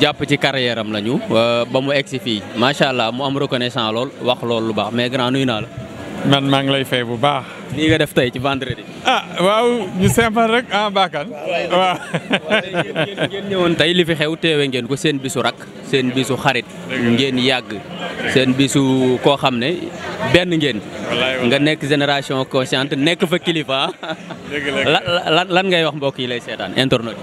jàpp ci carrière am lañu euh, ba mu egg si fii macha allah mu am reconnaissant lool wax lool lu baax mais grand nuyu naa la. man maa ngi lay fay bu baax. lii nga def tey ci vendredi. ah waaw ñu simple rek ah baakan ah, waaw. ñëwoon tey li fi xew teewe ngeen ko seen bisu rak seen bisu xarit. ngeen yàgg seen bisu koo xam ne benn ngeen. nga nekk génération consciente nekk fa kilifa. lan lan ngay wax mbokk yi lay seetaan internet.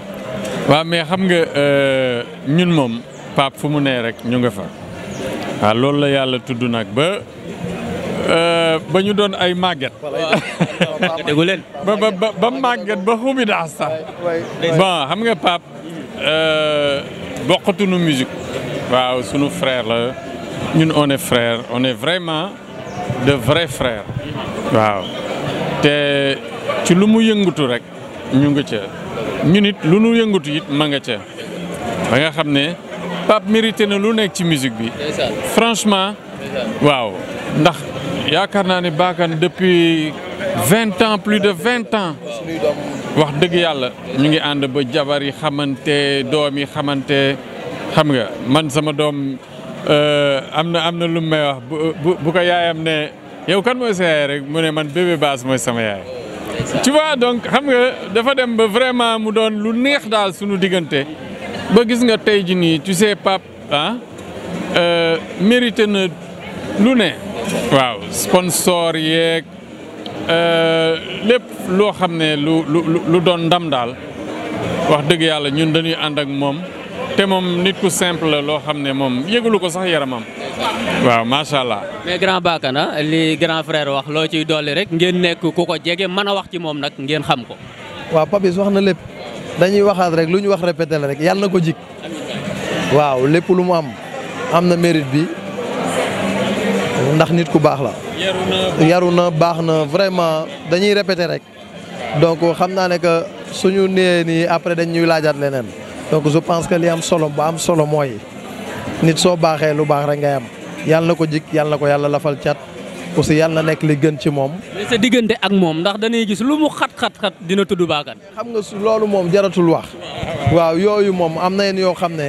waa mais xam nga euh, ñun moom Pape fu mu nee rek ñu nga fa waaw loolu la yàlla tudd nag ba euh, ba ñu doon ay màgget. déggu leen. ba ba ba màgget ba xubi sax. bon xam nga Pape euh, bokkatunu musique waaw sunu frère la ñun on est frère est vraiment de vrais frères. waaw te ci lu mu yëngatu rek ñu nga ca. ñun it lu nu yëngatu it ma nga ca ba nga xam ne Pape mérité na lu nekk ci musique bi franchement waaw ndax yaakaar naa ne Bakane depuis vingt ans plus de vingt ans wax dëgg yàlla ñu ngi ànd ba jabar yi xamante doom yi xamante xam nga man sama doom euh, am na am na lu may wax bu bu ko yaayam ne yow kan mooy sa yaay rek mu ne man bébé baas mooy sama yaay ci waa donc xam nga dafa dem ba vraiment mu doon lu neex daal suñu diggante ba gis nga tey ji nii tu sais Pape ah euh, mérité na lu ne waaw sponsor yeeg euh, lépp loo xam ne lu lu doon ndam daal wax dëgg yàlla ñun dañuy ànd ak moom te moom nit ku simple la loo xam ne moom yëgalu ko sax yaramam. waaw macha allah. mais grand na ah, li grand frère wax loo ciy dolli rek ngeen nekk ku ko jege mën a wax ci moom nag ngeen xam ko. waaw Papis wax na lépp dañuy waxaat rek lu ñu wax répété la rek yàlla na ko jik waaw lépp lu mu am am na mérite bi ndax nit ku baax la. yaru na baax na vraiment dañuy répété rek donc xam naa ne que suñu nee nii après dañ ñuy laajaat leneen. donc je pense que li am solo ba solo mooy nit soo baaxee lu baax rek ngay am yàlla na ko jik yàlla na ko yàlla lafal cat aussi yàlla na nekk li gën ci moom. diggante ak moom ndax dañuy gis lu mu xat-xat dina tudd baakan. xam nga loolu moom jaratul wax. waaw yooyu moom am na yenn yoo xam ne.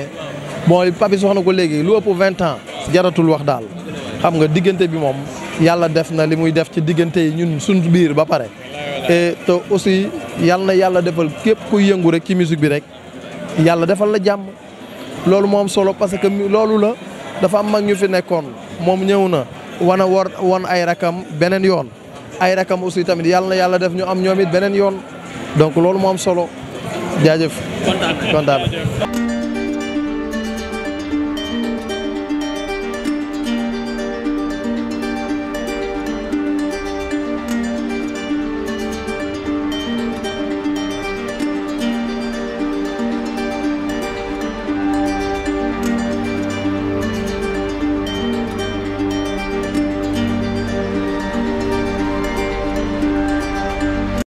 mooy Papis wax na ko léegi lu ëpp vingt ans. jaratul wax daal. xam nga diggante bi moom yàlla def na li muy def ci diggante yi ñun suñ biir ba pare. et te aussi yàlla na yàlla defal képp kuy yëngu rek ci musique bi rek. yàlla defal la jàmm loolu moom solo parce que loolu la dafa am mag ñu fi nekkoon moom ñëw na wan a war wan ay rakam beneen yoon ay rakam aussi tamit yàlla na yàlla def ñu am ñoom it beneen yoon donc loolu moo am solo jaajëf kontaan